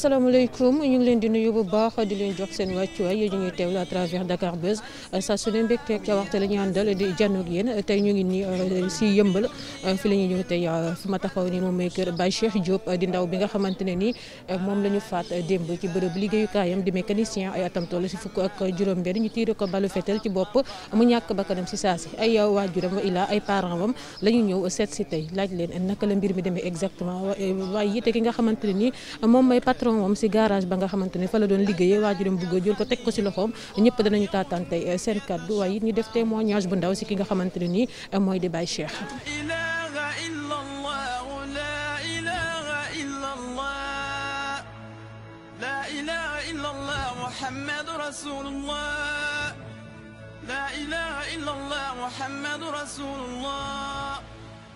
asalaamaaleykum ñu ngi leen di nuyu bu baax di leen jox seen wàccuwaay ñu ñuy teewlu à di jànnoog yéen tey ñu ngi nii euh, si yëmbal euh, la ñuy ñëw tey euh, fi ma taxaw ni moom mooy kër di ndaw bi nga xamante ne nii moom la ñu faat démb ci bërëb liggéeyukaayam di mécanicien ay atam toll si si saa si waajuram wa ilaa ay parents am la ñu ñëw seet si tey laaj leen naka la mbir mi demee exactement waaye yite ki nga xamante ne moom mooy patron contre moom si garage ba nga xamante ne fa la doon liggéeyee waajuram bëgg a jël ko teg ko si loxoom ñëpp danañu taataan tey seen kàddu waaye it ñu def témoignage bu ndaw si ki nga xamante ne nii mooy di Baye Cheikh. محمد رسول الله لا إله إلا الله محمد رسول الله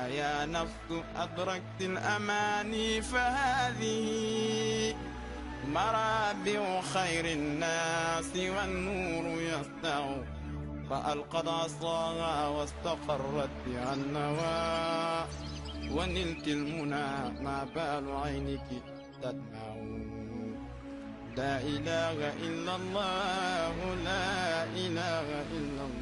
أيا نفس أدركت الأماني فهذه مرابع خير الناس والنور يسطع فألقد عصاها واستقرت بها النوى ونلت المنى ما بال عينك تدمع لا إله إلا الله لا إله إلا الله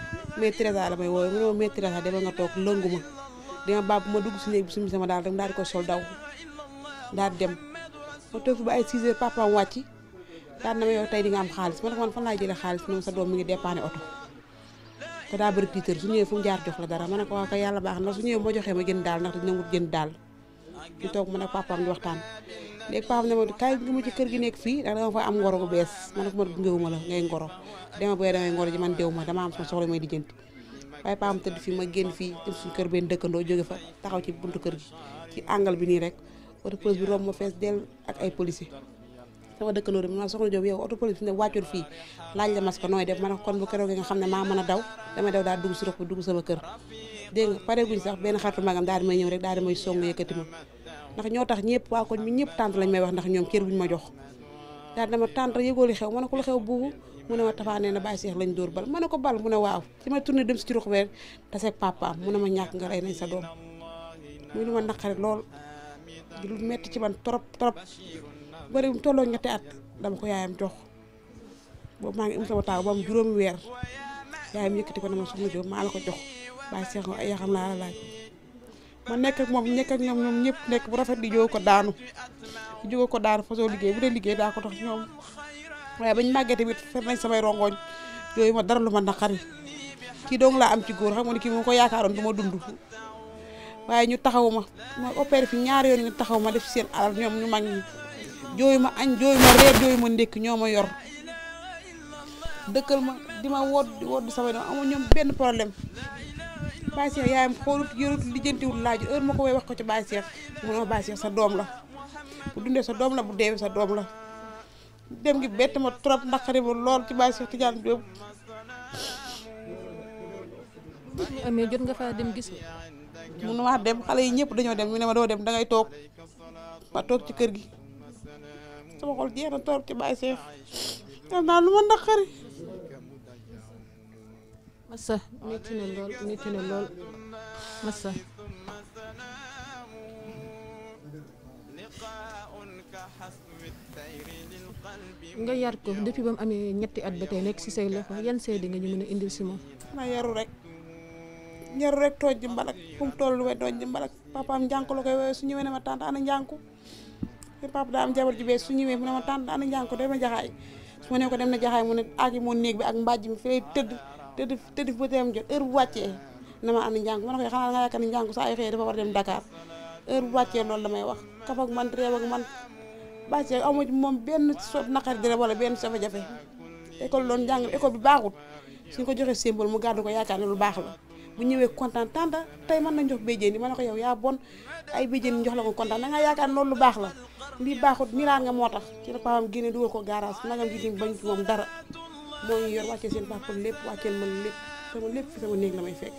maîtresse la may wooye mu ne ma maîtresse dama nga toog lëngu ma dama bàbb ma dugg si néeg bi sumi sama daal rek daal di ko sol daw dem ma toog fi ba ay 6 heures papa am wàcc daal na ma yow tey di nga am xaalis ma ne fan laay jëlee xaalis moom sa doom mi ngi dépanne oto te daa bëri tiitër su ñëwee fu jaar jox la dara ma ne ko waa kay yàlla baax na su ñëwee moo joxee ma jënd daal ndax dina wut jënd daal ñu toog mu ak papaam di waxtaan léegi papaam ne ma kaay ci kër gi nekk fii ndax dama fa am ngoro gu bees man ak man gungewuma la ngay ngoro dama booy damay ngoro ji ma dama am sama soxla may dijjanti waaye papaam tëdd fii ma génn fii dem suñu kër benn dëkkandoo jóge fa taxaw ci buntu kër gi ci àngal bi nii rek oto police bi room ma fees del ak ay policier sama dëkkandoo bi ma soxna Diop yow oto police ne wàccul fii laaj la masque nooy def ma ne kon bu keroog nga xam ne maa mën a daw damay daw daal dugg si rox bi dugg sama kër dégg pare guñ sax benn xaritu magam daal di may ñëw rek daal di may yëkkati ma ndax ñoo tax ñëpp waa koñ mi ñëpp tànt lañ may wax ndax ñoom cër buñ ma jox daal dama tànt yëgoo xew ma ne ko lu xew buubu mu ne ma tafaa nee na bàyyi seex lañ dóor bal ma ne ko bal mu ne waaw ci ma tourné sa doom muy lu ma naqari lool lu metti ci man trop trop bëriwul tolloo ñetti at dama ko yaayam jox boobu maa ngi am sama taaw ba am juróomi weer yaayam yëkkati ko ne ma soxna maa la ko jox waaye seex xam laa la laaj ma moom nekk ñoom ñëpp nekk bu rafet di jóge ko daanu di ko daanu fasoo liggéey bu dee liggéey daa ko tox ñoom waaye bañ màggee tamit fer nañ samay rongoñ yooyu ma dara lu ma naqari kii dong laa am ci góor xam nga ni kii moom ko yaakaaroon du ma dund waaye ñu taxaw ma ma opéré fi ñaari yoon ñu taxaw ma def seen alal ñoom ñu mag joy ma añ joy ma reer joy ma ndek ñoma ma yor dekkal ma di ma wodd di wod sama doom amu ñoom benn problème Baye Cheikh yaayam xolut yorut lijjantiwul laaj heure ma way wax ko ci Baye Cheikh mu ne ma sa dom la bu dundé sa dom la bu déwé sa dom la dem gi bett ma trop naqari ma lool ci Baye ci Tidiane Diop amé jot nga fa dem gis mu no wax dem xalé yi ñepp dañu dem ñu ne ma do dem ngay tok ma tok ci kër gi sama xol jeex na torop ci Baye Cheikh am naa lu ma massa métti na lol métti na lol massa nga yar ko depuis ba mu amee ñetti at ba tey nekk ci say loxo yan seede nga ñu mën indil si moom na yaru rek yaru rek tooj jimbalak mbalak fu mu toll we dooj ji mbalak papaam njànku la koy woowee su ñëwee ne ma tante ana njànku sama papa daa am jabar ju bees su ñëwee mu ne ma tànn ana njàng ko dem na jaxaay su ma ne dem na jaxaay mu ne moo néeg bi ak mbàjj mi fay tëdd tëdd tëdd ba teem jot bu wàccee na ma ana njàng ma ne ko xanaa nga yaakaar ni njàng saa yu xëyee dafa war dem Dakar heure bu wàccee loolu la may wax kaf ak man réew ak man bàccee amu ci moom benn so naqari dara wala benn jafe-jafe école loon njàng école bi baaxut suñ ko joxee symbole mu gàddu ko yaakaar ne lu baax la bu ñëwee kontaan tanda tay man na jox béjjén yi ma ko yow ya bon ay béjjén yi jox la ko kontaan nga yaakaar loolu lu baax la lii baaxut miraan nga motax ci la papaam génne dugal ko garage nagam gi dim bañ ci mom dara moo ngi yor wàccee seen papa lepp wàcceel ma lepp sama lepp fi sama neeg la may fekk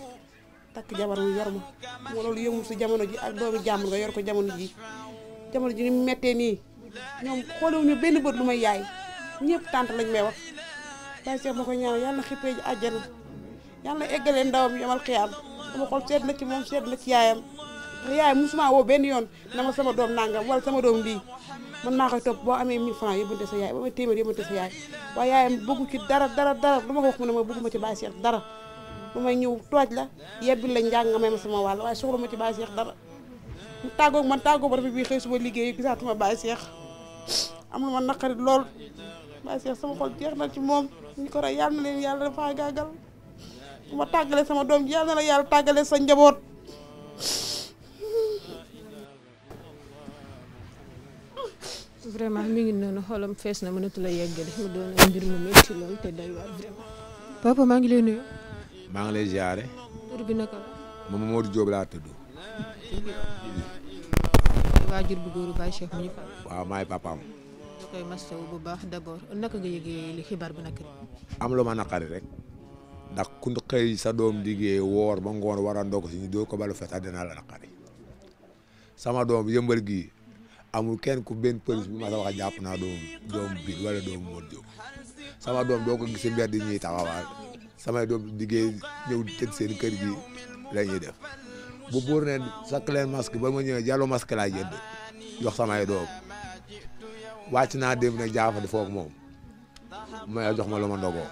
tak jabar mu yor ma mo loolu yëmul si jamono ji ak doomi jamm nga yor ko jamono ji jamono ji ni metté ni ñom xoolewu ñu benn bët lu may yaay ñepp tante lañ may wax tay seex ma ko ñaan yàlla xippee ji aljana yàlla eggalee ndawam yamal xiyaam sama xol seet na ci moom seet na ci yaayam ndax yaayam benn yoon na ma sama doom nangam wala sama doom lii man maa koy topp boo amee 1000 francs yóbbante sa yaay boo téeméer yóbbante sa yaay waaye yaayam bëggu dara dara dara lu ma ko wax mu ne ma ci bàyyi seex dara lu may ñëw tooj la yebbil la njàng nga may ma sama wàll waaye soxla ma ci bàyyi seex dara mu tàggoog man tàggoog ba rafet bii xëy suba liggéey gisaatuma bàyyi seex am ma naqari lool bàyyi seex sama xol jeex na ci moom ñu ko rey yàlla na leen yàlla dafa gàggal bu ma tàggalee sama doom ji yal la yàlla tàggalee sa njaboot vraiment mi ngi noonu xolam fees na mënatu la yeggale mu doon mbir mu métti lool te day waar vraiment papa maa ngi lay nuyu maa ngi lay ziare tur bi naka la moom Modou Diop laa tudd waajur bu góoru Baye Cheikh ñu fa waaw maay papaam da koy mastaw bu baax d'abord naka nga yëgee li xibaar bu naqari am lu ma naqari rek ndax ku xëy sa doom liggéey woor ba ngoon war a ndog si ñu doo ko balu fes àddina la naqari sama doom yëmbal gii amul kenn ku benn pëlis bu ma sa wax jàpp naa doom doom biir wala doom moo jóg sama doom doo ko gis mbedd di ñuy taxawaal samay doom liggéey ñëw tëdd seen kër gi la ñuy def bu buur ne sakk leen masque ba ma ñëwee jàllo masque laa jox samay doom wàcc naa dem ne jaafa di foog moom ma jox ma lu ma ndogoo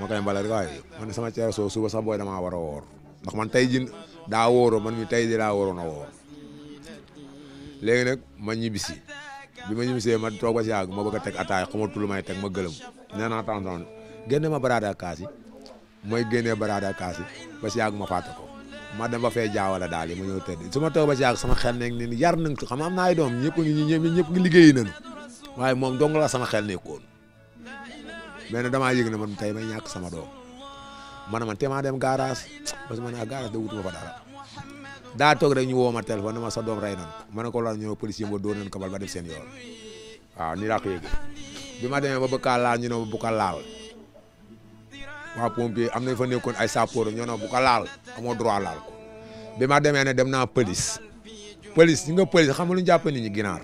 ma koy mbala rek waaye man sama cere soo suba sax booy damaa war a woor ndax man tey jii daa wóoroo man mi tey jii daa wóoroo na woor léegi nag ma ñibbisi bi ma ñibbisee ma toog ba si yàgg ma bëgg a teg ataay xamatul may teg ma gëlëm nee naa tonton génne ma baraada kaas yi mooy génnee baraada kaas yi ba si yàgg ma fàtte ko ma dem ba fee jaawale daal yi ma ñëw tëdd su ma toog ba si yàgg sama xel nekk ni yar nañ ko xam am na ay doom ñëpp ngi ñëpp ngi liggéeyi nañu waaye moom dong la sama xel nekkoon. mais ne damaa yëg ne ma tey may ñàkk sama doom man man ma dem garage parce que man ah garage da wutuma fa dara daa toog rek ñu woo ma téléphone na ma sa doom rey nañ ma ne ko loolu ñu ne police ma dóor nañ ko bal ba seen yoon waaw nii laa ko bi ma demee ba bëgg a ñu ne ma bu ko laal waa am nañ fa nekkoon ay sapeurs ñoo ne bu ko laal amoo droit laal ko bi ma demee ne dem naa police police ñu nga police xam nga lu ñu jàppee nit ñi ginaar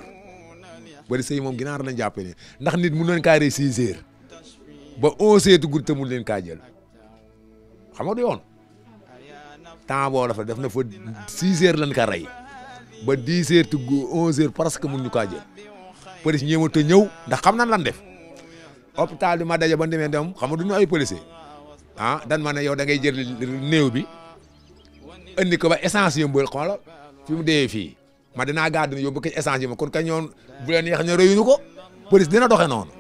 police yi moom ginaar lañ jàppee nii ndax nit mun nañ kaa réussir. ba 11 dugub te mu leen kaa jël xam nga du yoon temps boo la fa def na fa 6 heures lañ ka rey ba 10 heures te 11 heures parce que mun ñu ka jël police ñëw te ñëw ndax xam nan lan def hôpital bi ma daje ba demee dem xam nga du ñu ay policier ah dan ma ne yow da ngay jël néew bi andi ko ba essence yëmbal xoola fi mu dee fii ma dinaa gàddu ne yóbbu ko essence yi ma kon ka ñoon bu leen yéex ñu rëyuñu ko police na doxee noonu.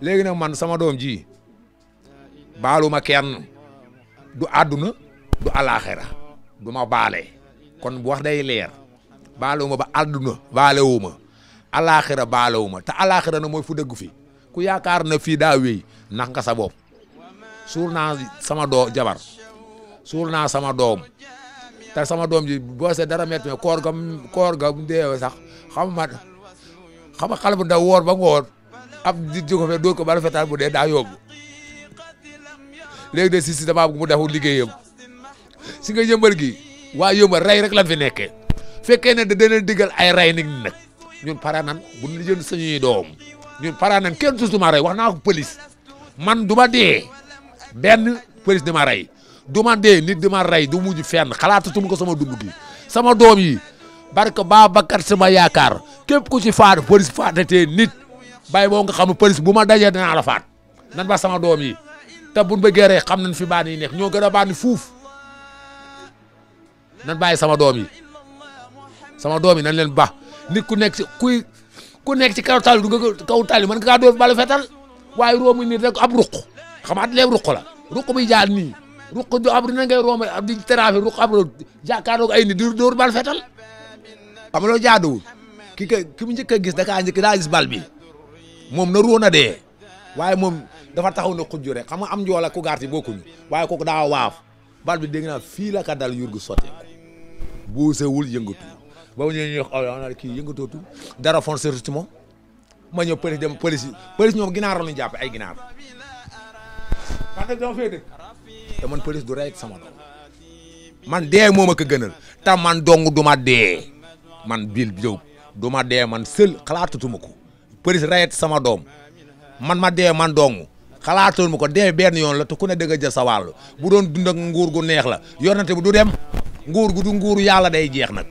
léegi nag man sama doom ji baaluma kenn du àdduna du alaaxira du ma baale kon bu wax day leer baalewuma ba àdduna baalewuma alaaxira baalewuma te alaaxira na mooy fu dëgg fi ku yaakaar na fii daa wéy nax nga sa bopp suul naa sama doo jabar suul naa sama doom te sama doom ji boo see dara métti koor ga koor ga mu deewee xam ma xam bu ndaw woor ba ngoor ab di ko fe dóor ko ba rafetal bu dee daa yóbbu léegi de si si damaa mu deful liggéeyam si nga yëmbal gi waa yëmbal ray rek lan fi nekke fekkee ne da daneen ay rey nit nag ñun para nan bu ñu jënd suñuy doom ñun para nan kenn susuma rey wax naa ko police man du ma dee benn police di ma ray du dee nit di ma rey du mujj fenn xalaatatuma ko sama dund gi sama doom yi barke Babacar sama yaakaar képp ku ci faatu police faatatee nit bàyyi boo nga xam ne police bu ma dajee dinaa la nan baa sama doom yi te buñ bëggee rek xam nañ fi baan yi nekk ñoo gën a baan fuuf nan bàyyi sama doom yi sama doom yi nañ leen ba nit ku nekk ci kuy ku nekk ci kaw tali du nga kaw tali man ngaa dóor balu fetal waaye roomu nit rek ab ruq xam at léegi ruq la ruq bi jaar nii ruq du ab dina ngay room ab di trafic ruq ab jàkkaarloog ay nit di door bal fetal xam nga loolu jaaduwul ki ka ki mu njëkk a gis da kaa njëkk daa gis bal bi. moom na naroon a dee waaye moom dafa taxaw na xujju rek xam nga am njoola ku gaar si bokkuñu waaye kooku daa waaf bal bi dégg naa fii la ka dal yurgu sotteeku buusewul yëngatu ba mu ñëwee ñuy wax oh, aw kii dara foncé ci moom ma ñëw police dem police police ñoom ginaar la ay ginaar man police du rey sama man dee moom a ko gënal te man dong du ma dee man Bill Diop du dee man seul xalaatutuma ko përis rayet sama doom man ma dee man dong xalaatoon mu ko dee benn yoon la te ku ne dëgg jël sa wàll bu doon dund nguur gu neex la yonante bu du dem nguur gu du nguuru yàlla day jeex nag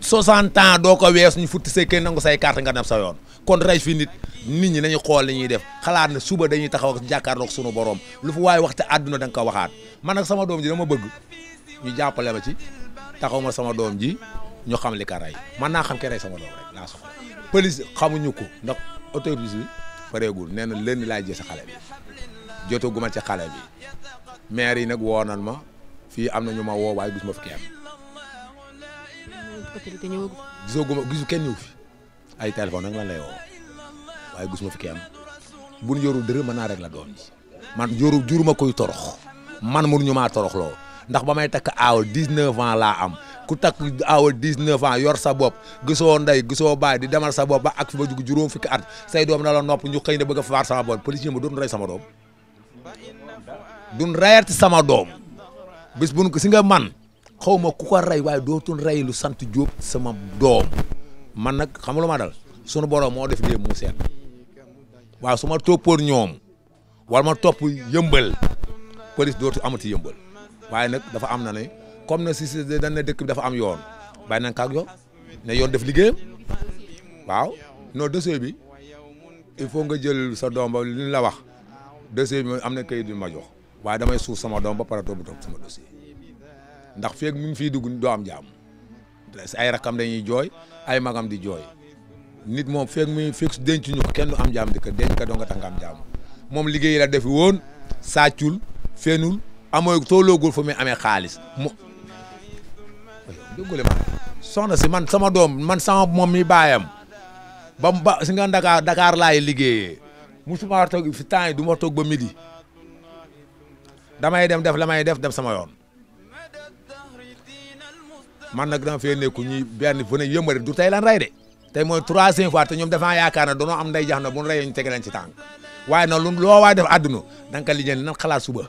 60 ans doo ko wees ñu futti say kenn nangu say carte nga dem sa yoon kon rey fi nit nit ñi nañu xool li ñuy def xalaat na suba dañuy taxaw ak jàkkaarloog sunu borom lu fu waaye waxte àdduna da nga ko waxaat man nag sama doom ji dama bëgg ñu jàppale ma ci taxaw ma sama doom ji ñu xam li ka rey naa xam ke rey sama police xamuñu ko ndax autopsie bi pareegul nee na lënd laa gis xale bi jotaguma ci xale bi maire yi nag woo nan ma fii am na ñu ma woo waaye gis ma fu kenn. autorité ñëwagul. gisoo ñëw fi ay téléphone nag lan lay woo waaye gis ma fi kenn bu ñu mën naa rek la doon man yoru juruma koy torox man ñu maa torox loo. ndax ba may takk aawal 19 ans laa am ku takk aawal 19 ans yor sa bopp gisoo ndey gisoo baay di demal sa bopp ba ak fi ba jug juróom fukki at say doom na la nopp ñu xëy na bëgg a faar sama bopp policier ma doon rey sama doom sama doom bis buñ ko nga man xaw ma ku ko rey waaye dootul rey lu sant Diop sama doom man nag xam nga lu ma dal sunu borom moo def dee mu seet waaw su ma toppoon ñoom ma topp yëmbal police dootu yëmbal waaye nag dafa am na ne comme ne si si dañ dëkk dafa am yoon bàyyi nañ kaak yoon yoon def liggéeyam waaw noo dossier bi il faut nga jël sa doom ba li la wax dossier bi am na kayit bi ma jox waaye damay suuf sama doom ba pare doo bu sama dossier ndax feeg mu ngi fiy dugg doo am jaam si ay rakam dañuy jooy ay magam di jooy nit moom feeg mi feeg denc ñu kenn du am jaam di ko denc ko doo nga tax nga am jaam moom liggéey la def woon sàccul fenul amoo tolloogul fu muy amee xaalis mu si man sama doom man sama moom mi baayam ba mu ba si nga Dakar Dakar laay liggéeyee musuma toog fi temps yi du ma toog ba midi damay dem def la may def dem sama yoon man nag dama fee nekku ñi benn fu ne yëmbari du tey lan ray de tey mooy troisième fois te ñoom dafa yaakaar ne doonoo am dey jax na bu nu reyee ñu teg leen ci tànk waaye na lu loo waay def àdduna da nga nan xalaat suba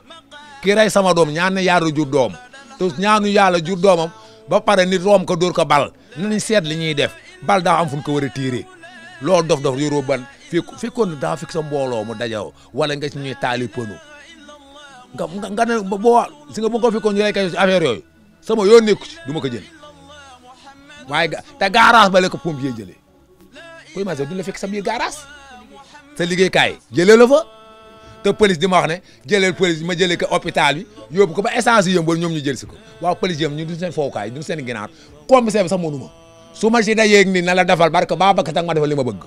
ki ray sama dom ñaan ne yaaru jur dom te ñaanu yàlla jur doomam ba pare nit rom ko dur ko bal nañ seet li ñuy def bal da am fuñ ko wara tiré tiiree dof dof yoro ban fi ko da fi sa mbolo mu dajaw wala nga ci ñuy taali pënu nga nga bo boo si nga bu ko ko ñu lay kay affaire yoy sama yoon nekku ci ko jël waaye ta garage ba la ko pompier jëlé kuy ma du la fi sa bi garage sa kay jëlé la fa te police di ma wax ne jëleel police ma jëlee ko hôpital bi yóbbu ko ba essence yi yëmbal ñoom ñu jël si ko waaw police yëm ñu duñ seen fowukaay duñ ma su ma na la defal barke ba bakk tag ma defal li bëgg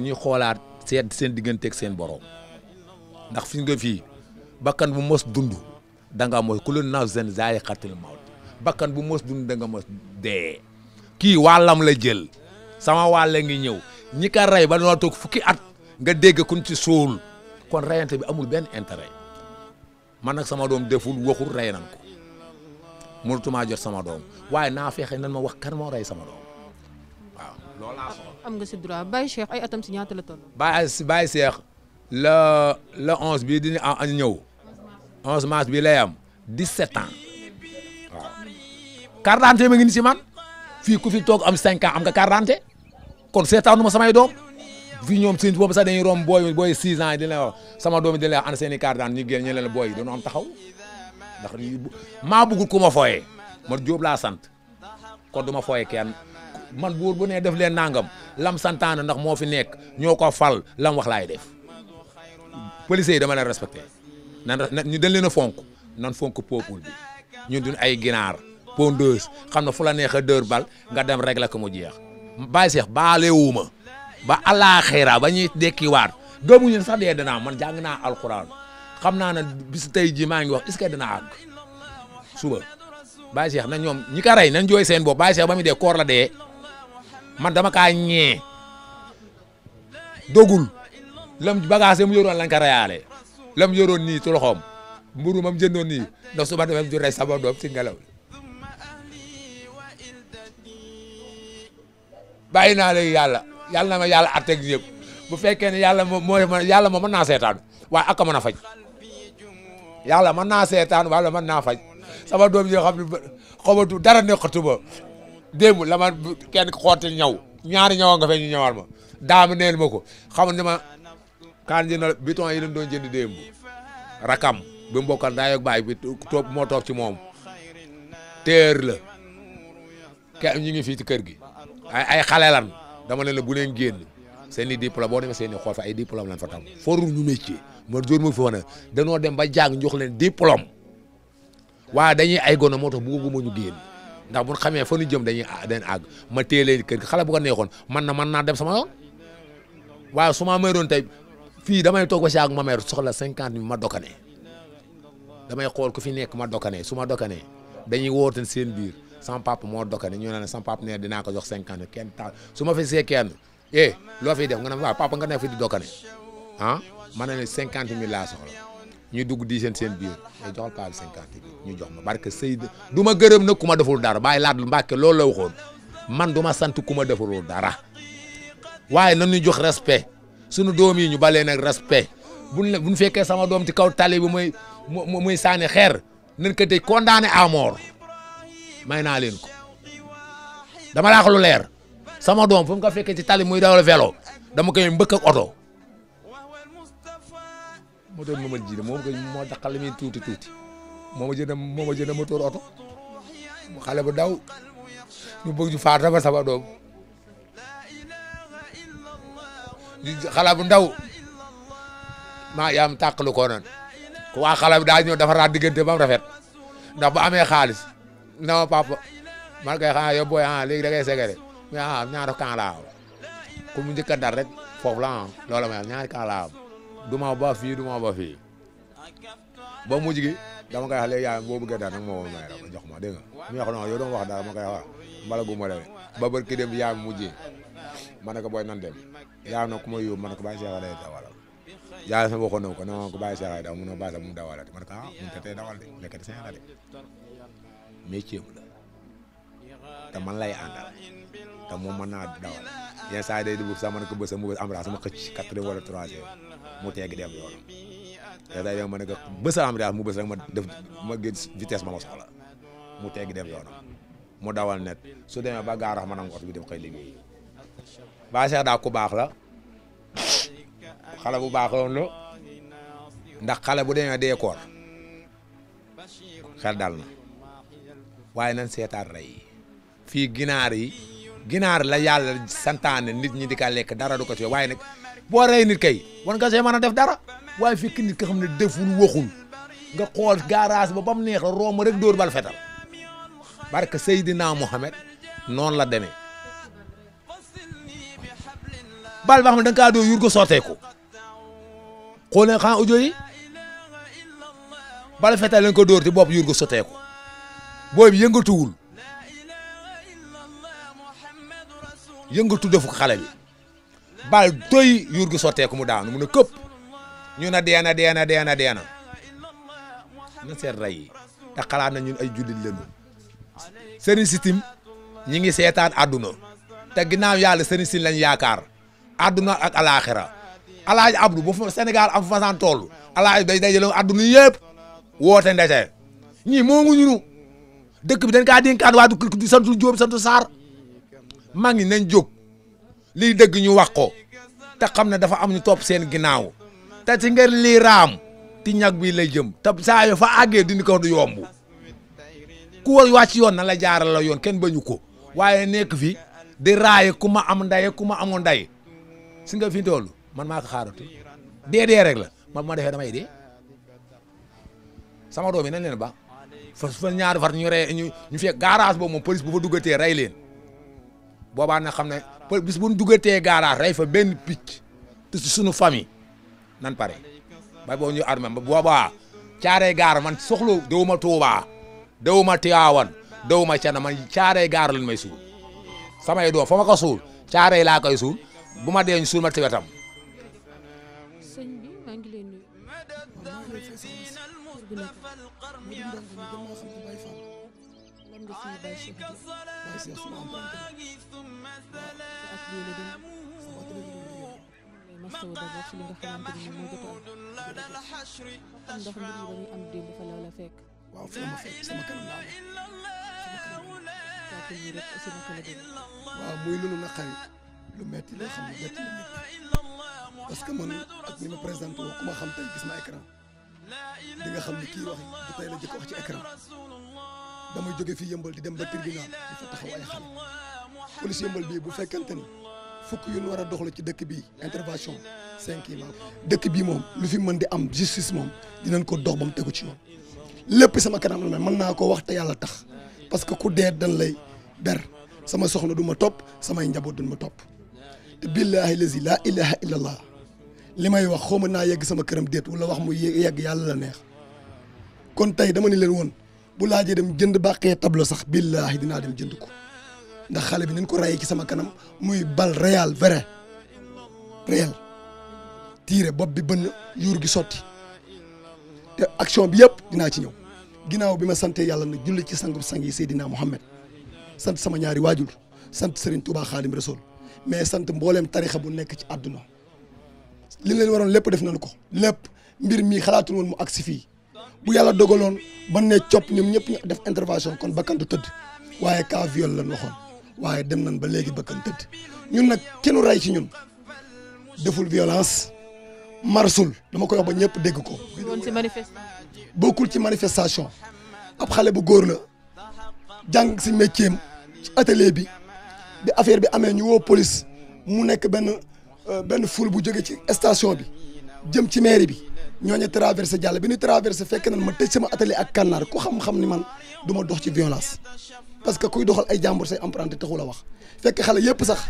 ñuy xoolaat seet seen digganteeg seen borom ndax fi fii bakkan bu mos dund da nga mos ku la naaw seen zaay xatil bakkan bu mos dund da nga mos dee kii wàllam la jël sama wàll ngi ñëw ñi ka rey ba noo toog fukki nga dégg kun ci suul kon rayante bi amul benn intérêt man nag sama doom deful waxul rey nan ko mënatumaa jot sama doom waaye naa fexe nan ma wax kan moo rey sama doom waaw loolaa soxla am nga si droit Cheikh ay atam si ñaata la toll. Baye Baye Cheikh la la onze bii dina ah, a ñëw onze bi lay am dix-sept ans ma ngi si man fii ku fi toog am cinq ans am nga carte d'identité kon seetaanuma samay doom fii ñoom seen boobu sa dañuy rom booy booy 6 ans yi dina wax sama doom yi dina an seen i carte d'identité ñu génn ñu leen booy yi dañoo am taxaw ndax maa bëggul ku ma fooyee man Diop laa sant kon du ma fooyee kenn man boor bu ne def leen nangam lam santaane ndax moo fi nekk ñoo ko fal lam wax laay def policiers yi dama leen respecté nan ñu dañ leen a fonk nan fonk peuple bi ñun duñ ay ginaar pondeuse xam na fu la neex a dër bal nga dem rek la ko mu jeex bàyyi seex baaleewuma ba alaaxira ba ñuy dekkiwaat doomu ñun sax dee danaa man jàng naa alxuraan xam naa ne bis tey jii maa ngi wax est-ce que suba Baye Cheikh na ñoom ñi ka rey nañ jooy seen bopp Baye ba mu dee koor la dee man dama kaa ñee dogul lam bagage mu yoroon lañ ko reyaale lam yoroon nii ci loxoom mburu mam jëndoon nii ndax suba dama ju rey sama doom ci ngelaw bàyyi naa léegi yàlla yàlla na ma yàlla àtteeg yëpp bu fekkee ne yàlla moo moo yàlla moo mën naa seetaan waaye ak mën a faj yàlla mën naa seetaan wala mën naa faj sama doom yoo xam ne xamatu dara nekkatu ba démb la ma kenn xoote ñaw ñaari ñaw nga fe ñu ñëwaat ma daam neel ma ko xam ne ma kaan jëndal biton yi lañ doon jënd démb rakam bi mu bokkal ndaay ak baay bi toog moo toog ci moom téer la ke ñu ngi fii ci kër gi ay ay xale lan dama ne la bu leen génn seen i diplôme boo demee seen i fa ay diplôme lañ fa taw foru ñu métier man joor moo fi wane danoo dem ba jàng jox leen diplôme waaye dañuy ay gono moo tax bëgguma ñu génn ndax bu xamee fa ñu jëm dañuy dañ àgg ma téelee kër gi xale bu ko neexoon man na man naa dem sama yoon waaye su ma meeroon tey fii damay toog ba si àgg ma meer soxla cinquante mille ma dokanee damay xool ku fi nekk ma dokanee su ma dokanee dañuy wooten seen biir Sans papa moo dokkani ñu na sans papa nee dina ko jox cinquante kenn taal fi sé kenn é eh, lo fi def nga na papa nga ne fi di ah, ma cinquante mille soxla ñu dugg di sen sen biir ñu eh, joxal paa bi ñu jox ma barke seyd duma ma gërëm kuma deful dara bay laat mbacké suis la waxoon man ne sant kuma deful dara nous jox respect sunu doom yi ñu balé nak respect buñ buñ fekkee sama doom ci kaw tali bi moy moy muy xër nañ ko condamné à mort. may naa leen ko dama laax lu leer sama doom fu mu fekkee ci tali muy dawal vélo dama koy mbëkk oto moteur moomal ji moom koy moo daqal tuuti tuuti moo ma jënd moo ma jënd moteur oto xale bu daw ñu bëgg ju faata ba sama doom xale bu ndaw maa yaam tàqalu ko noonu waa xale bi daa ñëw dafa raat diggante ba rafet ndax bu amee xaalis. na ma papa man kay ah, xanaa yow booy ah léegi da ngay segale mais ah ñaata kan laa am ku mu njëkk dar rek foofu la ah loolu ma ñaari kan laa am du ma ba fii du ma ba fii ba mujj gi dama koy wax léegi yaa boo bëggee dara nag moo may rab jox ma dégg nga mu wax non yow dama na ku ma yóbbu ma ne ko na ko non na bàyyi sa mu métier la te man lay àndal te moom mën naa dawal yenn saa yi day dugg sax ma ne ko bësa mu sama wala trois mu tegg dem yoonam yenn saa yi ma ne ko bësa am mu bës rek ma def ma gën vitesse ma ma soxla mu dem mu dawal net su demee ba gaarax ma nangu bi dem xëy liggéey Baye Cheikh daa ku baax la xale bu ndax bu koor xel dal na waaye nañ seetaan rey fii ginaar yi ginaar la yàlla santaane nit ñi di ka lekk dara du ko ci waaye nag boo rey nit kay wan nga see mën a def dara waaye fekk nit ka xam ne deful waxul nga xool garage ba ba mu neex la rooma rek dóor bal fetal barke Seydina Mohamed noonu la demee bal ba xam ne da nga yur ko sotteeku xoolee xan audio bal fetal lañ ko dóor ci bopp yur ko sotteeku booy bi yëngatuwul yëngatu defu xale bi bal doy yuur gi sotteeku mu daanu mu ne këpp ñu na deena deena deena deena na seet rey yi te ñun ay jullit lañu sëriñ sitim ñi ngi seetaan àdduna te ginnaaw yàlla sëriñ si lañ yaakaar àdduna ak alaaxira alaaji abdu bu fa Sénégal am fa san toll alaaji day day jël àdduna yëpp woote ndete ñunu dëkk bi dañ kaa dénkaan waatu kutu santu Jóob santu Saar maa ngi nañ jóg liy dëgg ñu wax ko te xam ne dafa am ñu topp seen ginnaaw te ci ngeen lii raam ti ñag bi lay jëm te saa fa àggee din ko du yomb ku war wàcc yoon na la jaaral la yoon kenn bañu ko waaye nekk fi di raaye ku ma am ndaye ku ma amul nday si nga fi toll man maa ko xaaratu dee rek la man bu ma defee damay dee doom yi nañ leen fas fa ñaari far ñu rey ñu ñu fekk garage boobu moom police bu fa duggatee rey leen boobaa nag xam ne bis bu ñu duggatee garage rey fa benn picc te si sunu famille nan pare bay boobu ñu armé ba boobaa caaree gaar man soxla ma Tuuba dawuma Tiwaawan dawuma Cana man caaree gaar lañ may suul samay doom fa ma ko suul caaree laa koy suul bu ma dee ñu suul ma tiwetam masawu d'abord ci li nga xamante ni moo jot a am ndax mbir mi ba muy am démb fa la la fekk. waaw fa la ma fekk sama kanam laa waaw muy loolu naqari lu metti loo xam ne métti na métti parce que man ak ni ma présenté woo ku ma xam tey gis na écran di nga xam ne kii wax du tey la jëkk wax ci écran damay jóge fii yëmbal di dem ba tribunal di fa taxaw ay xale police yëmbal bii bu fekkente ni fukk yu ñu war a dox la ci dëkk bii intervention cinq yi dëkk bii moom lu fi mën di am justice moom dinañ ko dox ba mu tegu ci moom lépp sama kanam la mën naa ko wax te yàlla tax parce que ku dee dan lay ber sama soxna du ma topp samay njaboot duñ ma topp te billaahi lazi laa ilaha illa li may wax xaw ma naa yegg sama këram déet wala wax mu yegg yàlla la neex kon tey dama ni leen woon bu laajee dem jënd bàqee tableau sax billaahi dinaa dem jënd ko ndax xale bi nañ ko rayee ci sama kanam muy bal réel vrai réel tiire bopp bi bënn yuur gi sotti te action bi yëpp dinaa ci ñëw ginnaaw bi ma sante yàlla na julli ci sangub sang yi Seydina Mohamed sant sama ñaari waajur sant Serigne Touba Xaadim Rasul mais sant mbooleem tarixa bu nekk ci àdduna li leen waroon lépp def nañu ko lépp mbir mi xalaatul woon mu agsi fii bu yàlla dogaloon ba ne copp ñoom ñëpp ñu def intervention kon bakkan du tëdd waaye cas viol lañ waaye dem nañ ba léegi bakkan tëdd ñun nag ki nu rey ci ñun deful violence marsul dama koy wax ba ñëpp dégg ko. bokkul ci manifestation ab xale bu góor la jàng si métier am ci atelier bi bi affaire bi amee ñu woo police mu nekk benn euh, benn foule bu jóge ci station bi jëm ci mairie bi. ñoñu traverser jàll bi ñu traversé fekk na ma tëj sama atelier ak kànnaar ku xam-xam ni man duma dox ci violence parce que kuy doxal ay jambour say emprunté taxu la wax fekk xale yëpp sax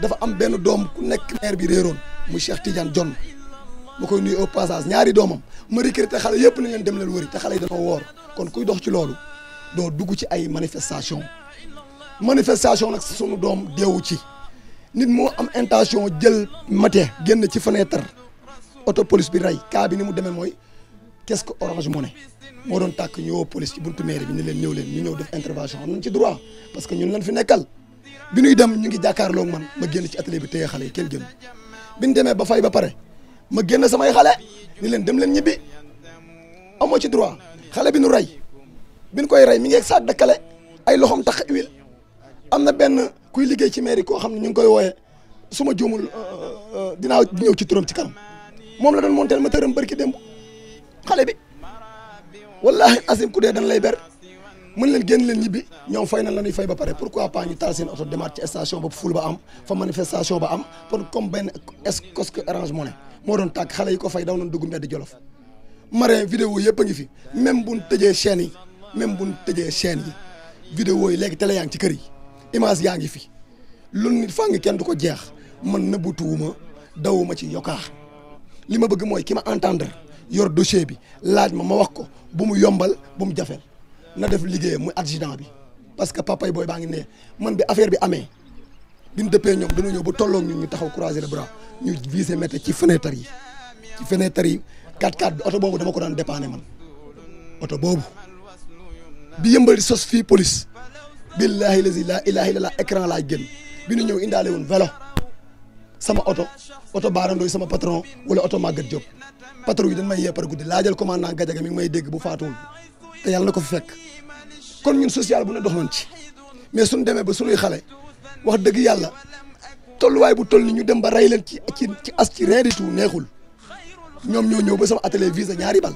dafa am benn dom ku nekk maire bi réeroon mu Cheikh Tidiane John ma koy nuyu au passage ñaari domam ma recruter xale yëpp ni leen dem leen wëri te xale dafa wor kon kuy dox ci loolu do dugg ci ay manifestation manifestation nak sunu dom deewu ci nit mo am intention jël mate génn ci fenêtre auto police bi rey cas bi ni mu demee mooy qu'est-ce que orange monnaie moo doon tàkk ñu woo police ci buntu mairie bi ñu leen ñëw leen ñu ñëw def intervention am nañ ci droit parce que fi nekkal bi ñuy dem ñu ngi jàkkaarloo man ma génn ci atelier bi téye xale yi kenn génn bi ñu demee ba fay ba pare ma génn samay xale ni leen dem leen ñibbi amoo ci droit xale bi nu rey bi ñu koy rey mi ngi egg saag dakkale ay loxoom tax huile am na benn kuy liggéey ci mairie koo xam ne ñu ngi koy wooyee su ma juumul euh, euh, euh, dinaa ñëw ci turam ci kanam. moom la doon montel ma tëram barki démb xale bi wallahi asim ku dee dañ lay ber mën leen génn leen ñibbi ñoom fay nañ la fay ba pare pourquoi pas ñu taal seen oto demaat ci station ba ful ba am fa manifestation ba am pour comme benn escosque orange monnaie moo doon tàkk xale yi ko fay daw nañ dugg mbedd jolof marin vidéo yëpp a ngi fi même buñ tëjee chaîne yi même buñ tëjee chaîne yi vidéo yi léegi télé yaa ngi ci kër yi image yaa ngi fi loolu nit faa ngi kenn du ko jeex man nëbbutuwuma dawuma ci yokkaa li ma bëgg mooy ki ma entendre yor dossier bi laaj ma ma wax ko bu mu yombal bu mu jafeel na def liggéeyam muy adjudant bi parce que papa boo baa ngi ne man bi affaire bi amee bi ñu dëppee ñoom dañoo ñëw ba tolloog ñu ñu taxaw croiser les bras ñu visé mété ci fenêtre yi ci fenêtre yi 4 bi oto boobu dama ko daan dépanner man oto boobu bi yëmbal di sos fii police billaahi lazi laa ilaaha illallaah écran laa génn bi nu ñëw indaale woon velo sama oto oto baarandooy sama patron wala oto Maguette Diop patron yi dañ may yee par guddi laajal commandant Gajaga mi ngi may dégg bu faatuwul te yàlla na ko fi fekk kon ñun social bu ne dox nañ ci mais suñ demee ba sunuy xale wax dëgg yàlla tolluwaay bu toll ni ñu dem ba rey leen ci ci ci as ci rien du tout neexul ñoom ñoo ñëw ba sama atelier visa ñaari bal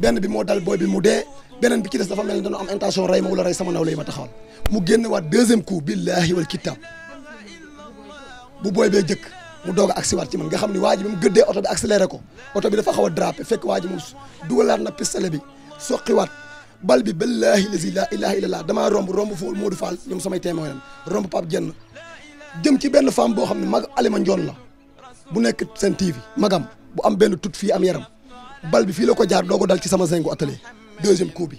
benn bi moo dal booy bi mu dee beneen bi ci des dafa mel ni am intention rey ma wala rey sama naw lay ma taxawal mu génn waat deuxième coup billahi bu booy bee jëkk mu doog a agsiwaat ci man nga xam ni waaj ji bi mu gëddee oto bi accéléré ko oto bi dafa xaw a drapé fekk waa ji mu dugalaat na pistolet bi soqiwaat bal bi billaahi lazi laa ilaaha illallaah damaa romb romb fo Modou Fall ñoom samay témoin lan romb Pape Dieng jëm ci benn femme boo xam ne mag Alima Ndion la bu nekk seen TV magam bu am benn tut fii am yaram bal bi fii la ko jaar doo ko dal ci sama zingu atelier deuxième coup bi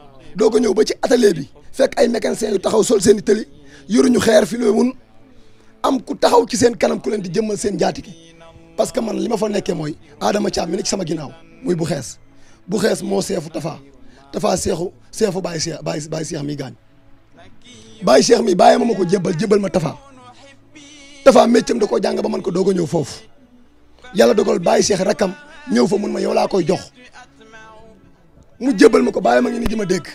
doo ñëw ba ci atelier bi fekk ay mécaniciens yu taxaw sol seen i tëli yoruñu xeer fi looy mun am ku taxaw ci seen kanam ku leen di jëmmal seen jaatigi parce que man li ma fa nekkee mooy Adama Thiam mi ne ci sama ginnaaw muy bu xees bu xees moo seefu Tafa Tafa seexu seefu Baye Cheikh Baye Baye Cheikh mi gaañ Baye Cheikh mi bàyyi ma ma ko jébbal jébbal ma Tafa Tafa méccam da koo jàng ba man ko doog a ñëw foofu yàlla dogal Baye Cheikh rakkam ñëw fa mun ma yow laa koy jox. mu jébal ma ko bàyyi ma ngi ni di ma dégg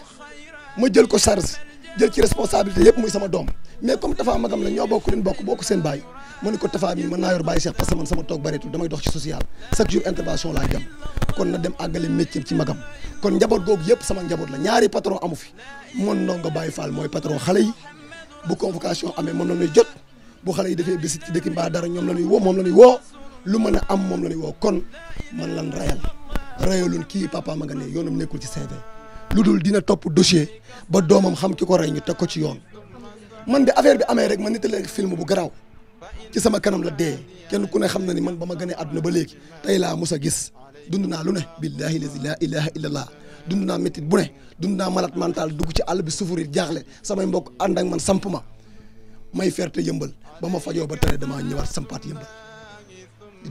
ma jël ko charge jël ci responsabilité yëpp muy sama doom mais comme Tafa magam la ñoo bokk luñ bokk bokk seen baay ko Tafa bi mën naa yor bàyyi Cheikh parce que man sama toog bareetul damay dox ci social chaque jour intervention laay dem kon na dem àggale métier ci magam njaboot googu yëpp sama njaboot la ñaari patron amu fi man Ndongo Baye faal mooy patron xale yi bu convocation amee moom la ñuy jot bu xale yi defee bisit ci dëkk mbaa dara ñoom la ñuy woo moom la ñuy woo lu mën a am moom la ñuy woo kon man lan rayal rayalun kii papa ma nga ne yoonam nekkul ci CV lu dul dina topp dossier ba doomam xam ki ko rey ñu teg ko ci yoon man de affaire bi amee rek ma nettali ak film bu garaaw ci sama kanam la dee kenn ku ne xam na ni man ba ma gënee àdduna ba léegi tey laa musa a gis dund naa lu ne billahi lazi la ilaha illallah dund naa métit bu ne dund naa malat mantaal dugg ci àll bi souffrir jaaxle samay mbokk ànd ak man samp ma may ferte yëmbal ba ma fajoo ba tere damaa ñëwaat sampaat yëmbal di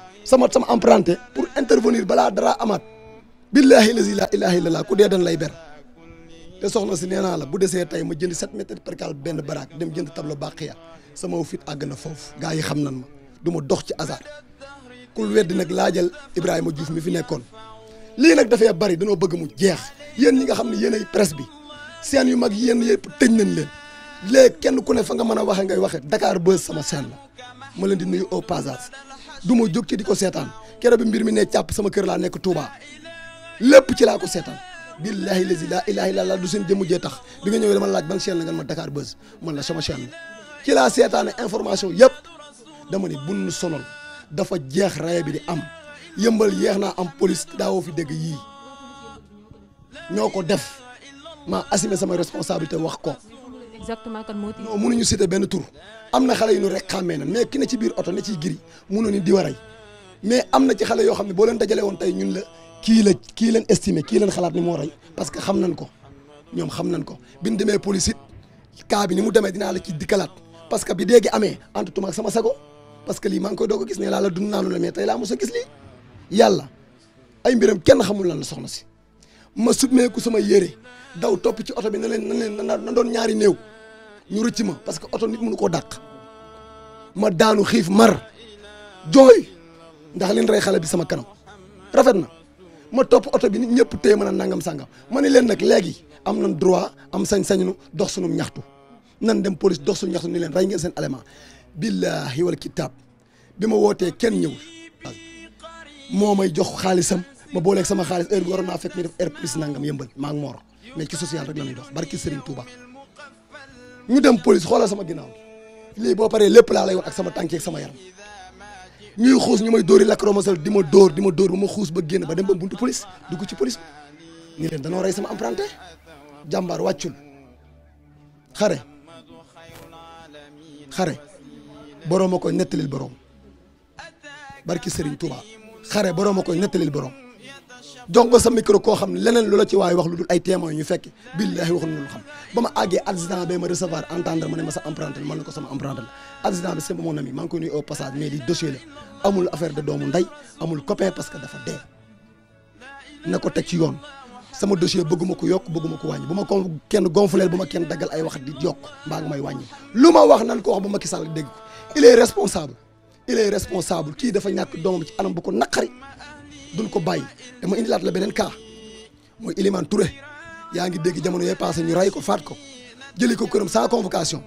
sama sama emprunté pour intervenir balaa dara amaat billahi lazi la laa illallah ku dee dañ lay ber te soxna si nee naa la bu desee tey ma jënd 7 mètres percal benn baraak dem jënd tableau baqiya sama fit àgg na foofu gaa yi xam nan ma du ma dox ci hasard kul weddi nag laajal Ibrahima Diouf mi fi nekkoon lii nag dafay bari danoo bëgg mu jeex yéen ñi nga xam ne yéen ay presse bi seen yu mag yéen yëpp tëñ nañ leen léegi kenn ku ne fa nga mën a waxee ngay waxee Dakar Buzz sama chaîne ma leen di nuyu au passage du ma jóg ci di ko seetaan keroog bi mbir mi ne càpp sama kër laa nekk Touba lépp ci laa ko seetaan billahi lazi la ilaha illallah du seen jëmm jee tax bi nga ñëwee dama laaj ban chaîne la nga ma Dakar Buzz man la sama chaîne ci laa seetaane information yëpp dama ne buñ dafa jeex raye bi di am yëmbal yeex naa am police daawoo fi dëgg yii ñoo ko def maa assumé sama responsabilité wax ko. exactement kan moo. non mënuñu citer benn tur am na xale yu nu rek xàmmee na mais ki ne ci biir oto ne ciy giri mënu ni di waray mais am na ci xale yoo xam ne boo leen dajale woon tey ñun la kii la kii leen estimé kii leen xalaat ni moo rey parce que xam nañ ko ñoom xam nañ ko bi ñu demee police it bi ni mu demee dinaa la ci di kalaat parce que bi déegi amee entre tumaak sama sago parce que lii maa ngi koy doog a gis ne laa la dund naanu la mais tey laa mos a gis lii ay mbiram kenn xamul lan la soxna si ma submeeku sama yére daw topp ci oto bi na leen na leen na doon ñaari néew ñu rëcc ma parce que auto nit mënu ko dàq ma daanu xiif mar joy, ndax leen rey xale bi sama kanam rafet na ma topp auto bi nit ñëpp téye mën nangam sangam ma ne leen nag léegi am nañ droit am sañ sañnu dox sunu ñaxtu nan dem police dox sunu ñaxtu ni leen rey ngeen seen élément billahi wal kitab bi ma wootee kenn ñëwul jox xaalisam ma booleeg sama xaalis heure bi waroon naa fekk ñu def heure plus nangam yëmbal maa ngi moor mais ci social rek la dox barki Serigne Touba ñu dem police xoolal sama ginnaaw lii boo paree lépp laa la woon ak sama tànk ak sama yaram ñuy xuus ñu may dóori lacrymogène di ma dóor di ma dóor ma xuus ba génn ba dem ba buntu police dugg ci police bi. dem leen danoo rey sama emprunté jàmbaar wàccul xare xare borom a koy nettalil borom barki Serigne Touba xare borom a koy borom. jox nga sa micro koo xam ne leneen loola ci waaye wax lu dul ay témoins ñu fekk billaahi waxuñu lu xam ba ma àggee accident ba ma recevoir entendre ma ne ma sa empreinte la ma ne ko sama empreinte la accident bi c'est mon ami maa ngi ko nuyu au passage mais li dossier la amul affaire de doomu ndey amul copain parce que dafa dee na ko teg ci yoon sama dossier bëgguma ko yokk bëgguma ko wàññi bu ma ko kenn gonfleel bu ma kenn daggal ay wax di yokk mbaa nga may wàññi lu ma wax nan ko wax ba Macky Sall dégg ko il est responsable il est responsable kii dafa ñàkk doomam ci anam bu ko naqari duñ ko bàyyi dama indilaat la beneen cas mooy Ilimane Touré yaa ngi dégg jamono yee passé ñu rey ko faat ko jëli ko këram sans convocation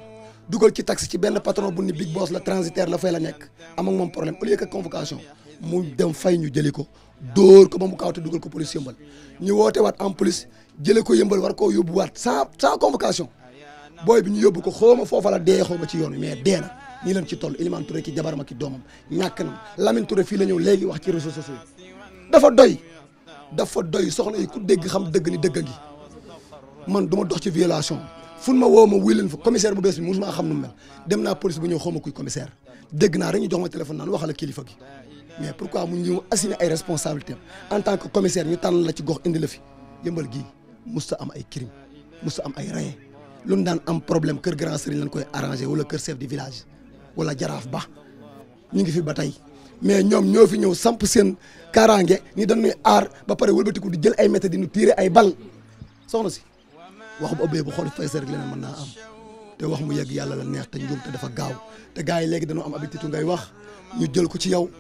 dugal ci taxi ci benn patron bu ni big boss la transitaire la fay la nekk am moom problème au lieu que convocation mu dem fay ñu jëli ko dóor ko ba mu kawte dugal ko police yëmbal ñu woote waat en police jële ko yëmbal war koo yóbbuwaat sans sans convocation booy bi ñu yóbbu ko xooma foofa la dee xooma ci yoon wi mais dee na nii lañ ci toll Ilimane Touré ki jabaram ak ki wax ci réseaux sociaux dafa doy dafa doy soxna yi ku dégg xam dëgg ni dëgg gi man duma dox ci violation fu ma woo ma wuy fa commissaire bu bees bi mosuma xam nu mel dem naa police ba ñëw xaw ma kuy commissaire dégg naa rek ñu jox ma téléphone naan waxal ak kilifa gi mais pourquoi mu ñu assigné ay responsabilité en tant que commissaire ñu tànn la ci gox indi la fi yëmbal gii musta am ay crime musta am ay raye lu ñu daan am problème kër grand sëriñ lañ koy arrangé wala kër chef du village wala jaraaf ba ñu ngi fi ba tey mais ñoom ñoo fi ñëw samp seen kaaraange ni dañuy aar ba pare wëlbatiku di jël ay méthode di ñu tiire ay bal soxna si wax bu ëbbee bu xool fay sa rek leneen mën naa am te wax mu yegg yàlla la neex te njuum te dafa gaaw te gaa yi léegi dañoo am habitude ngay wax ñu jël ko ci yow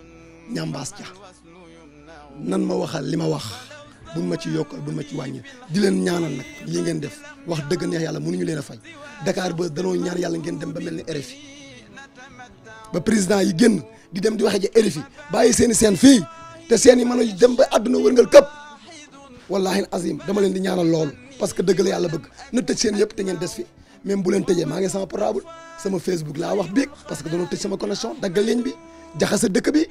ñambaas ca nan ma waxal li ma wax buñ ma ci yokkal buñ ma ci wàññi di leen ñaanal nag li ngeen def wax dëgg neex yàlla mënuñu leen a fay Dakar ba danoo ñaan yàlla ngeen dem ba mel ni RFI ba président yi génn di dem di waxe ja RFI bàyyi seen i seen fii te seen yi mën a dem ba àdduna wërngal këpp wallahi azim dama leen di ñaanal loolu parce que dëgg la yàlla bëgg na tëj seen yëpp te ngeen des fi même bu leen tëjee maa ngi sama portable sama Facebook laa wax biig parce que dañoo tëj sama connexion daggal ligne bi a dëkk bi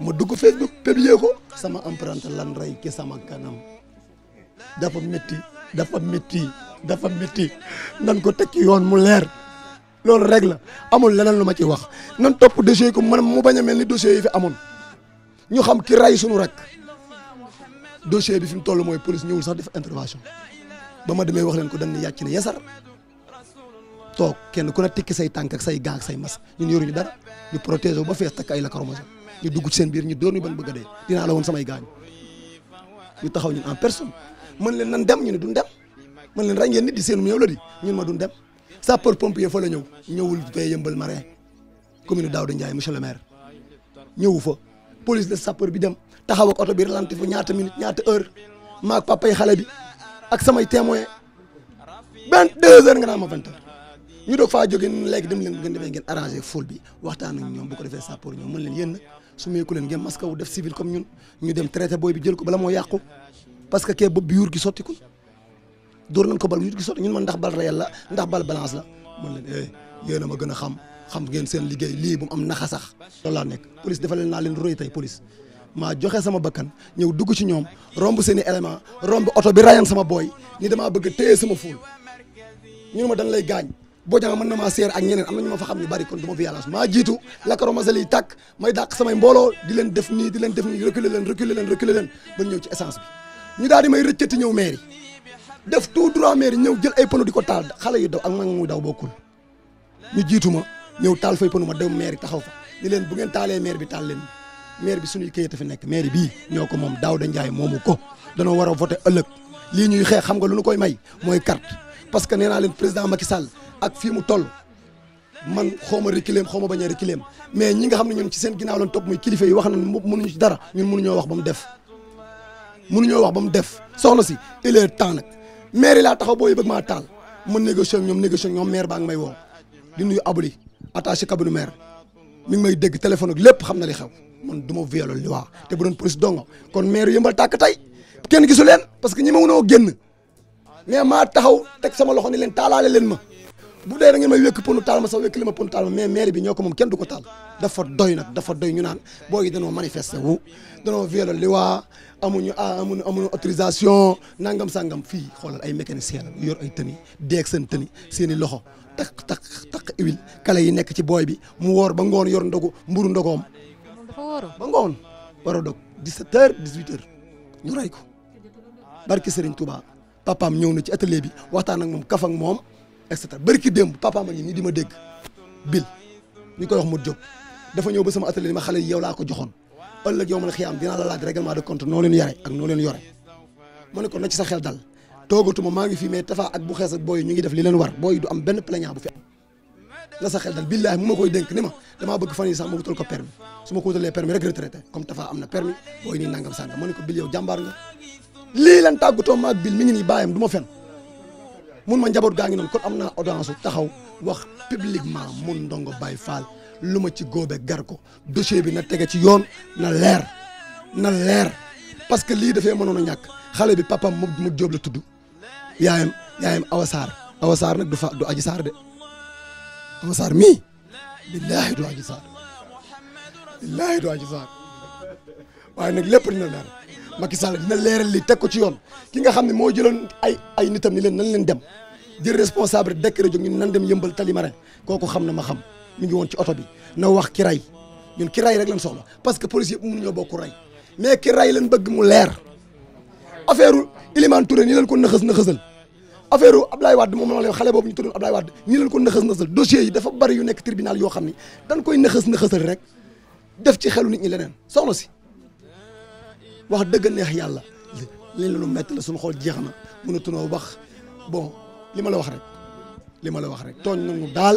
ma dugg Facebook publier ko sama emprent lan rey ki sama kanam dafa métti dafa métti dafa métti nan ko teg yoon mu leer loolu rek la amul leneen lu ma ci wax nan topp dossier yi ko man mu bañ a mel ni dossier yi fi amoon ñu xam ki ray suñu rek dossier bi fi mu toll mooy police ñëwul sax def intervention ba ma demee wax leen ko dañ ne yàcc na yasar toog kenn ku ne tikki say tànk ak say gaa ak say mas ñun yoruñu dara ñu protéger ba fees takk ay la karomation ñu dugg ci seen biir ñu door ñu ba bëgg a dee dinaa la woon samay gaañ ñu taxaw ñun en personne mën leen nan dem ñu ne duñ dem mën leen ràññee nit di seen mu yow la dem sapeur pompier fa la ñëw ñëwul fee yëmbal marin commune Daouda Ndiaye monsieur le maire ñëwu fa police la sapor bi dem taxaw ak oto bi ralenti fa ñaata minute ñaata heure ma papay xale bi ak samay témoin benn deux heures nga naan ma vingt heures ñu doog faa jógee nii léegi dem leen ngeen defee ngeen arrangé foule bi waxtaan ak ñoom bu ko defee sapeur ñoom mën leen yéen nag su meeku leen ngeen masque wu def civil comme ñun ñu dem traité booy bi jël ko bala moo yàqu parce que kee bopp ko dóor nañ ko bal yu gisoon ñun man ndax la ndax bal balance la man leen eh yéen a ma a ngeen seen liggéey lii bu mu am naxa sax loolu laa nekk police dafa leen naa leen roy tey police maa joxe sama bakkan ñëw dugg ci ñoom romb seen i élément romb oto bi rayan sama booy ni damaa bëgg téye sama fuul ñun ma dañ lay gaañ boo jàng mën na maa seer ak ñeneen am na ñu ma fa xam ñu bari kon du ma violence maa jiitu lakkaromacel yi tàkk may dàq samay mbooloo di leen def nii di leen def nii reculer leen reculer leen reculer leen ba ñëw ci essence bi ñu daal di may rëccati ñëw mairie def tout droit mairie ñëw jël ay pneu di ko taal xale yu daw ak mag muy daw bokkul ñu jiitu ma ñëw taal fay pneu ma dem mairie taxaw fa ni leen bu ngeen taalee maire bi taal leen maire bi suñuy këyit fi nekk maire bii ñoo ko moom Daouda Ndiaye moom ko danoo war a voter ëllëg lii ñuy xeex xam nga lu ñu koy may mooy carte parce que nee naa leen président Macky Sall ak fii mu toll man xaw ma reculer xaw ma bañ a reculer mais ñi nga xam ne ñun ci seen ginnaaw lañ topp muy kilifa yi wax nañ mënuñu ci dara ñun mënuñoo wax ba def mënuñoo wax ba mu def soxna si il est maire la laa taxaw booy bëgg maa taal ma négocier ñoom négocier ñoom maire baa ngi may woo di nuyu abuli attaché cabinet maire mi ngi may dégg téléphone ak lépp xam na li xew man du ma violol li waa te bu doon police dongo kon maire yëmbal tàkk tey kenn gisu leen parce que ñi ma mënoo génn mais maa taxaw teg sama loxo ni leen taalaale leen ma bu dee da ngeen may wékk ponu taal ma sax wékk li ma ponu taal ma mais bi ñoo ko moom kenn du ko taal dafa doy nag dafa doy ñu naan booy yi danoo manifester wu danoo violer li waa amuñu amuñu amuñu autorisation nangam sangam fii xoolal ay mécanicien yor ay tëni deeg seen tëni seen i loxo tak tak tak huile kale yi nekk ci booy bi mu woor ba ngoon yor ndogu mburu ndogoom ba ngoon war a dog 17 heures 18 heures ñu rey ko barki Serigne Touba papaam ñëw na ci atelier bi waxtaan ak moom kaf ak moom et cetera bari ki démb papa ma ngi nii di ma dégg bil ñu koy wax mu jóg dafa ñëw ba sama atelier ma xale yi yow laa ko joxoon ëllëg yow ma la xiyaam dinaa la laaj règlement de compte noo leen yare ak noo yore ma ne ko na ci dal maa ngi fii mais tafa ak bu booy ñu ngi def li leen war booy du am benn plaignant bu fi billaahi mu ma koy dénk ni ma damaa bëgg fan yi sax ma wutal ko permis su ma ko wutalee permis rek retraité comme tafa am na permis booy nii nangam sànga ma ne ko bil yow jàmbaar nga lii lan tàggatoo ma ak bil mi ngi nii bàyyam du ma fen mun ma njaboot gaa ngi noonu kon am naa audience taxaw wax publiquement mun Ndongo Baye Fall lu ma ci góobe gar ko dossier bi na tege ci yoon na leer na leer parce que lii dafee mënoon a ñàkk xale bi papam mu mu jóob la tudd yaayam yaayam Awa Sarr nag du fa du Adji Sarr de Awa Sarr mii billaahi du Adji Sarr billaahi du waaye nag lépp dina leer Macky Sall dina leeral li teg ko ci yoon ki nga xam ne moo jëloon ay ay nitam ni leen nan leen dem jël responsable décret jóg ñun nan dem yëmbal tali marin kooku xam na ma xam mi ngi woon ci oto na wax ki ray ñun ki ray rek lañ soxla parce que policier bi boo bokk ray mais ki ray lañ bëgg mu leer affaire Ilimane Touré nii leen ko nëxës nëxësal affaire Abdoulaye Wade moom la xale boobu ñu tuddoon Abdoulaye Wade nii leen ko nëxës nëxësal dossier yi dafa bari yu nekk dañ koy nëxës nëxësal rek def ci xelu nit ñi leneen soxna si wax dëgg neex yàlla li lu metti la suñu xool jeex na mënatunoo wax bon li ma la wax rek li ma la wax rek tooñ nañu daal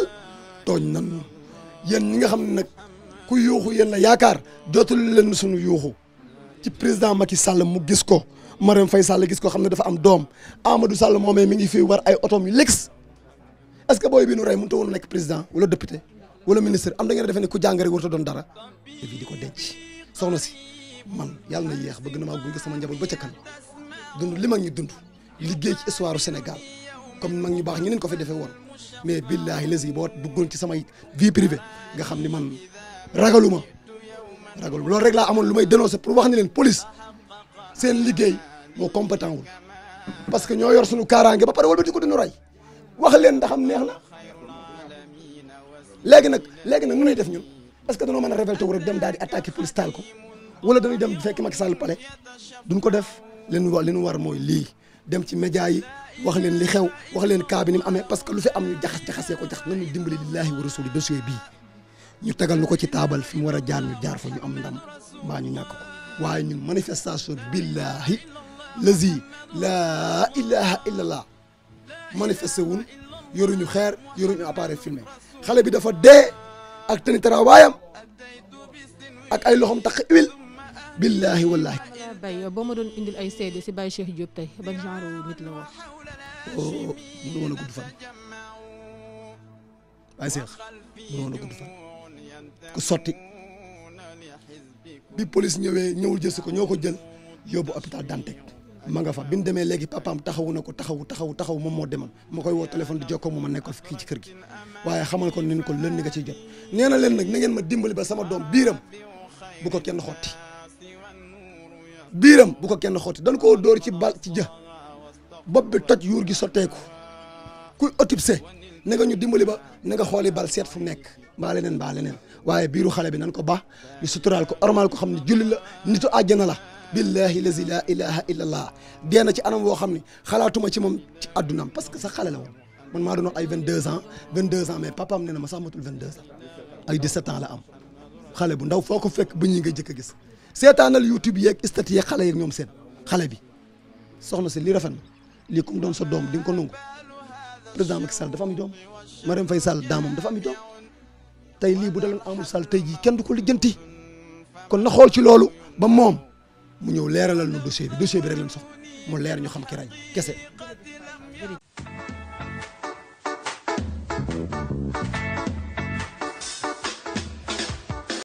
tooñ nañu yéen ñi nga xam ne nag ku yuuxu yéen la yaakaar dootul leen suñu yuuxu ci président Macky Sall mu gis ko Marème Faye Sall gis ko xam ne dafa am doom Amadou Sall moomee mi ngi fii war ay otoom yu lex est-ce que booy bi nu rey mënut a woon nekk président wala député wala ministre am da ngeen a defee ne ku jàng rek warut doon dara te si. man yàlla na yéex bëgg na maa gunge sama njaboot ba ca kanam dund li mag ñu dund liggéey ci histoire Sénégal comme mag ñi baax ñu neen ko fi defee woon mais billaahi lasi boo duggoon ci samay vie privée nga xam ni man ragaluma ragaluma loolu rek laa amoon lu may dénoncer pour wax ni leen police seen liggéey moo compétent wul parce que ñoo yor suñu kaaraange ba pare wëlbati ko dinu rey wax leen ndax am neex na léegi nag léegi nag mënuy def ñun est-ce que dañoo mën a révolté wu rek wala dañuy dem fekk Macky Sall pare duñ ko def leen war leen war mooy lii dem ci média yi wax leen li xew wax leen cas bi ni mu amee parce que lu fi am ñu jaxas jaxasee ko jax nañu dimbali lillahi wa rasuli dossier bii ñu tegal nu ko ci taabal fi mu war a jaar ñu jaar fa ñu am ndam mbaa ñu ñàkk ko waaye ñun manifestation billahi lazi laa ilaha illallah manifesté wun yoruñu xeer yoruñu appareil filmé xale bi dafa dee ak teni tarawaayam ak ay loxom takk huile billaahi wallaahi. Baye boo ma doon indil ay seede si Baye Cheikh Diop tey ban genre nit la wax. oh mënu woon a gudd fan. Baye Cheikh mënu woon a gudd fan ku sotti bi police ñëwee ñëwul jël si ko ñoo ko jël yóbbu hôpital Dantec ma nga fa bi mu demee léegi papaam taxawu na ko taxawu taxawu taxawu moom moo demoon ma koy woo téléphone di jokkoo mu ma nekkoon fii ci kër gi waaye xamal ko ni ko leen ni nga ci jot nee na leen nag na ngeen ma dimbali ba sama doom biiram bu ko kenn xotti. biiram bu ko kenn xotti dañ koo dóor ci bal ci jë bopp bi toj yuur gi sotteeku kuy autopsie na nga ñu dimbali ba na nga xooli bal seet fu nekk mbaa leneen mbaa leneen waaye biiru xale bi nan ko baax ñu suturaal ko ormal ko xam ne julli la nitu àjjana la billahi lazi la ilaha illa allah dee na ci anam woo xam ne xalaatuma ci moom ci addunaam parce que sa xale la woon man maa doon wax ay 22 ans 22 ans mais papaam ma sax matul 22 ans ay 17 ans la am xale bu ndaw foo ko fekk ba ñi nga jëkk a seetaanal youtube yeeg stati yeeg xale yeeg ñoom seen xale bi soxna si li rafet na lii ku mu doon sa doom di ko nangu président Macky Sall dafa am doom Marème Faye Sall daamam dafa am doom tey lii bu daloon Amadou Sall tey jii kenn du ko lijjanti kon na xool ci loolu ba moom mu ñëw leeralal ñu dossier bi dossier bi rek lañ soxla mu leer ñu xam ki rey kese.